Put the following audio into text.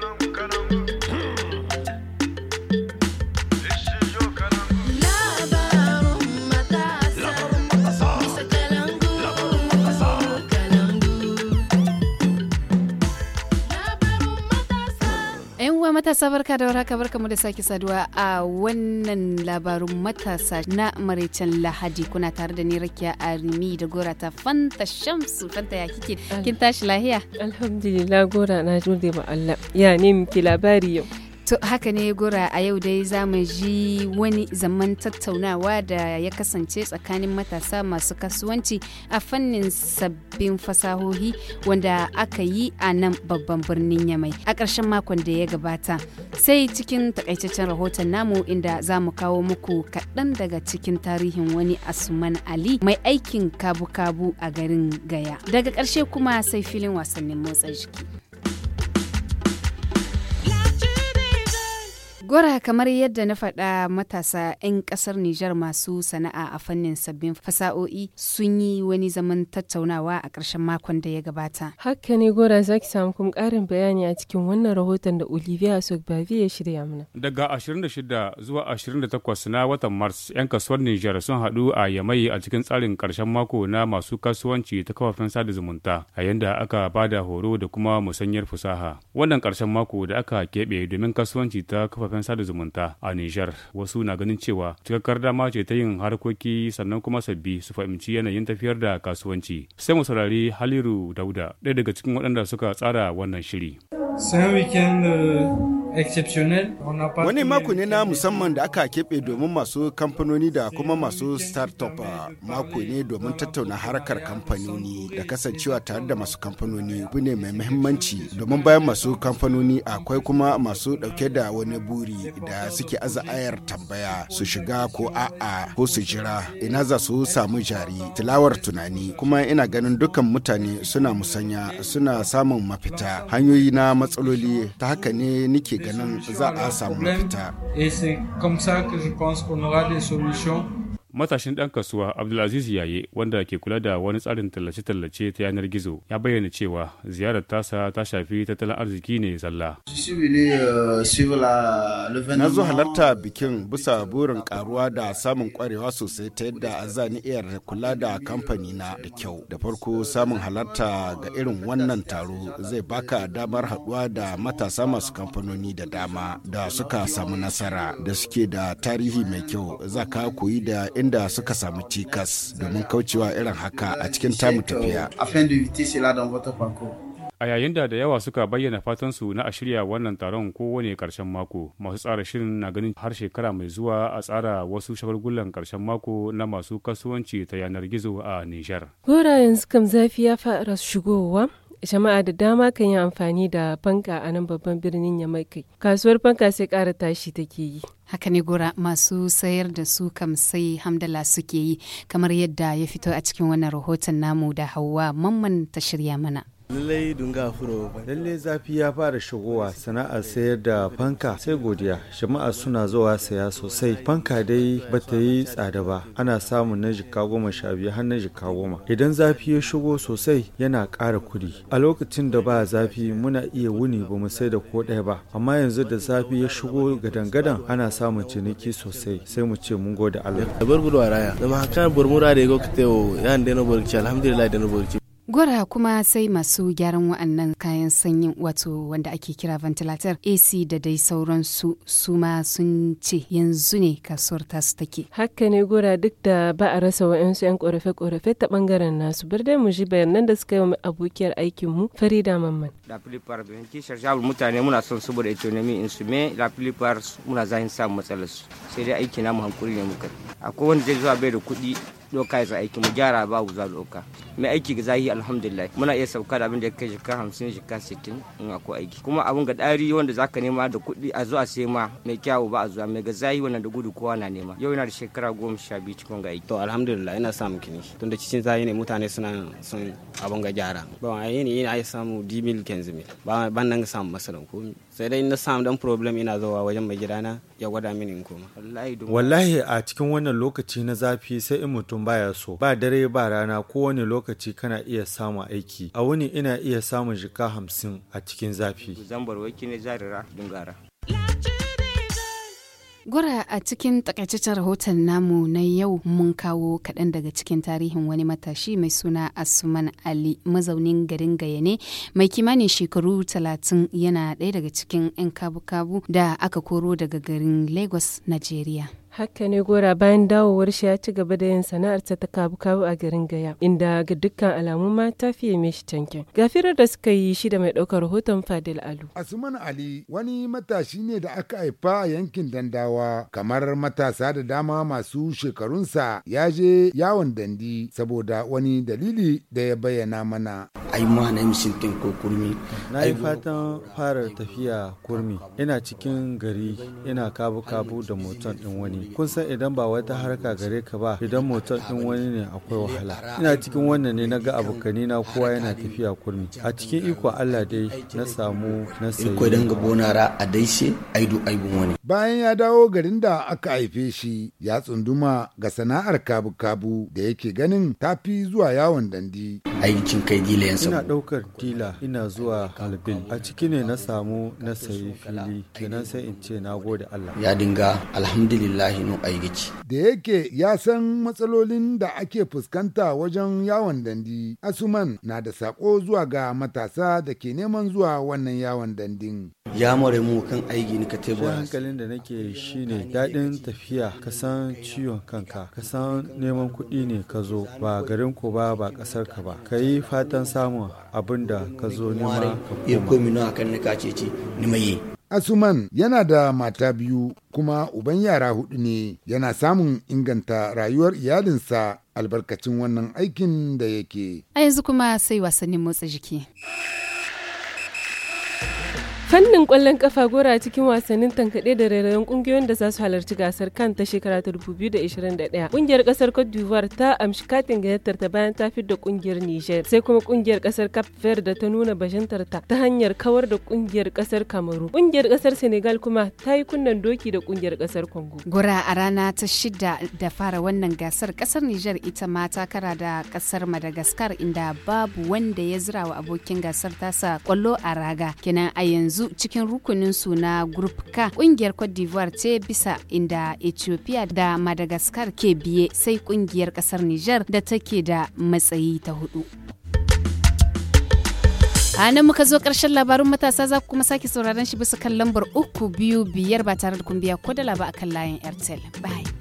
Shalom. 'Yan uwa matasa barka da warhaka mu da sake saduwa a wannan labarun matasa na maraicen Lahadi kuna tare da ni Rakiya Arimi da Gora ta Fanta Shamsu Fanta ya kike ah. kin tashi lahiya? Alhamdulillah Gora na jode ma Allah. Ya ne muke labari yau? To haka ne gura a yau dai za mu ji wani zaman tattaunawa da ya kasance tsakanin matasa masu kasuwanci a fannin sabbin fasahohi wanda aka yi a nan babban birnin Yamai a ƙarshen makon da ya gabata. Sai cikin takaitaccen rahoton namu inda za mu kawo muku kaɗan daga cikin tarihin wani Asuman Ali mai aikin kabu-kabu a garin Gaya. Daga ƙarshe kuma sai filin wasannin motsa jiki. Gora kamar yadda na faɗa matasa 'yan ƙasar Nijar masu sana'a a fannin sabbin fasa'o'i sun yi wani zaman tattaunawa a ƙarshen makon da ya gabata. Haka ne Gora za ki samu kuma ƙarin bayani a cikin wannan rahoton da Olivia Sogbavi ya shirya mana. Daga 26 zuwa 28 na watan Mars 'yan kasuwar Nijar sun haɗu a Yamai a cikin tsarin ƙarshen mako na masu kasuwanci ta kafafen sada zumunta a yanda aka ba da horo da kuma musanyar fasaha. Wannan ƙarshen mako da aka keɓe domin kasuwanci ta kafafen sada zumunta a Nijar. Wasu na ganin cewa cikakkar dama ce ta yin harkoki sannan kuma sabbi su fahimci yanayin tafiyar da kasuwanci. Sai mu saurari Haliru Dauda, ɗaya daga cikin waɗanda suka tsara wannan shiri. C'est un week-end euh, exceptionnel. Wani mako ne na musamman da aka keɓe domin masu kamfanoni da kuma masu startup mako ne domin tattauna harkar kamfanoni da kasancewa tare da masu kamfanoni abu ne mai muhimmanci domin bayan masu kamfanoni akwai kuma masu ɗauke da wani buri da suke aza ayar tambaya su shiga ko a'a ko su jira ina za su samu jari tilawar tunani kuma ina ganin dukkan mutane suna musanya suna samun mafita hanyoyi na et c'est comme ça que je pense qu'on aura des solutions. matashin ɗan kasuwa abdulaziz yaye wanda ke kula da wani tsarin tallace-tallace ta yanar gizo ya bayyana cewa ziyarar tasa ta shafi tattalin arziki ne zalla na zo halarta bikin bisa burin karuwa da samun kwarewa sosai ta yadda a zani iya kula da kamfani na da kyau da farko samun halarta ga irin wannan taro zai baka damar haɗuwa da matasa masu kamfanoni da dama da suka samu nasara da suke da tarihi mai kyau za ka koyi da inda suka samu cikas domin kaucewa irin haka a cikin tamu tafiya. A yayin da da yawa suka bayyana fatansu na a shirya wannan taron kowane karshen mako, masu tsara shirin na ganin har shekara mai zuwa a tsara wasu shagulgulan karshen mako na masu kasuwanci ta yanar gizo a Nijar. Gora yanzu zafi ya fara shigowa. Jama'a da dama kan yi amfani da fanka a nan babban birnin Yamaikai. Kasuwar fanka sai kara tashi take yi. haka ne gora masu sayar da su kam sai hamdala suke yi kamar yadda ya fito a cikin wannan rahoton namu da hauwa mamman ta shirya mana lallai dunga furo lallai zafi ya fara shigowa sana'ar sayar da fanka sai godiya jama'a suna zuwa saya sosai fanka dai ba ta yi tsada ba ana samun na jika goma sha biyu har na jika goma idan zafi ya shigo sosai yana ƙara kuɗi a lokacin da ba zafi muna iya wuni ba mu sai da ko ɗaya ba amma yanzu da zafi ya shigo gadan-gadan ana samun ciniki sosai sai mu ce mun gode Allah. Da burburwa raya, da mahakan burmura da ya gokta yau, yan da na burki, alhamdulillah da burki. Gwara kuma sai masu gyaran wa'annan kayan sanyin wato wanda ake kira ventilator AC da dai sauransu su ma sun ce yanzu ne kasuwar tasu take. Haka ne gora duk da ba a rasa wa'ansu 'yan korafe-korafe ta bangaren nasu bar dai mu ji bayanan da suka yi abokiyar aikin mu Farida Mamman. La plupart da yanki sharjabul mutane muna son saboda autonomy in su me la plupart muna zahin samun matsalar su sai dai aiki namu hankuri ne muka. Akwai wanda zai zuwa bai da kuɗi doka ya aiki mu gyara babu za doka mai aiki ga zahi alhamdulillah muna iya sauka da abin da ya kai shekara hamsin shekara sittin in akwai aiki kuma abin ga dari wanda zaka nema da kuɗi a zuwa sai ma mai kyawu ba a zuwa mai ga zahi wannan da gudu kowa na nema yau yana da shekara goma sha biyu cikin ga aiki to alhamdulillah ina samun kini tun da cikin zahi ne mutane suna son abin ga gyara ba a yi ne a yi samu dimil kenzimil ba ban nan samu masalan komi sai dai na samu dan problem ina zuwa wajen mai gidana ya gwada mini in koma wallahi a cikin wannan lokaci na zafi sai in mutum baya so ba dare ba rana kowane lokaci kana iya samun aiki a wuni ina iya samun jika hamsin a cikin zafi Gura a cikin takaitaccen rahoton namu na yau mun kawo kaɗan daga cikin tarihin wani matashi mai suna Asuman Ali mazaunin garin Gayane mai kimanin shekaru talatin yana ɗaya daga cikin 'yan kabu-kabu da aka koro daga garin Lagos, Najeriya. Haka ne gora bayan dawowar shi ya ci gaba da yin sana'arsa ta kabu-kabu a garin Gaya, inda ga dukkan alamu ma ta fiye shi tankin. Gafirar da suka yi shi da mai ɗaukar rahoton Fadil Alu. Asuman Ali wani matashi ne da aka haifa a yankin Dandawa, kamar matasa da dama masu shekarunsa ya je yawon dandi saboda wani dalili da ya bayyana mana. Ai ma na yi ko kurmi. Na yi fatan fara tafiya kurmi. Ina cikin gari ina kabu-kabu da moton ɗin wani. kun san idan ba wata harka gare ka ba idan motar din wani ne akwai wahala ina cikin wannan ne na ga abokani na kowa yana tafiya kurmi a cikin iko Allah dai na samu na sayi iko dan ra a daishe aidu aibun wani bayan ya dawo garin da aka haife shi ya tsunduma ga sana'ar kabu-kabu da yake ganin tafi zuwa yawon dandi aikin kai dila yansa. Ina ɗaukar dila ina zuwa halbil a ciki ne na samu na sayi fili kenan sai in ce na gode Allah. Ya dinga alhamdulillahi no Da yake ya san matsalolin da ake fuskanta wajen yawon dandi Asuman na da sako zuwa ga matasa da ke neman zuwa wannan yawon dandin. ya more mu kan aiki ni ka tebo hankalin da nake shine daɗin tafiya ka san ciwon kanka ka san neman kuɗi ne ka zo ba garin ku ba ba ƙasar ka ba ka yi fatan samun abin da ka zo nema Asuman yana da mata biyu kuma uban yara hudu ne yana samun inganta rayuwar iyalinsa albarkacin wannan aikin da yake. A yanzu kuma sai wasannin motsa jiki. fannin kwallon kafa gora cikin wasannin tankaɗe da rairayin kungiyoyin da za su halarci gasar kan ta shekara ta 2021 kungiyar ƙasar cote d'ivoire ta amshi katin gayyatar ta bayan ta fidda kungiyar niger sai kuma ƙungiyar ƙasar cap verde ta nuna bajantar ta ta hanyar kawar da kungiyar kasar kamaru ƙungiyar ƙasar senegal kuma ta yi kunnen doki da kungiyar kasar congo gora a rana ta shida da fara wannan gasar kasar niger ita ma ta kara da kasar madagascar inda babu wanda ya zira abokin gasar tasa kwallo a raga kenan a yanzu yanzu cikin rukunin su na group K kungiyar Cote d'Ivoire ce bisa inda Ethiopia da Madagascar ke biye sai kungiyar kasar Niger da take da matsayi ta hudu. a nan muka zo ƙarshen labarun matasa za ku kuma sake sauraron shi bisa kan lambar uku biyu biyar ba tare da kun biya ko da ba akan layin airtel bye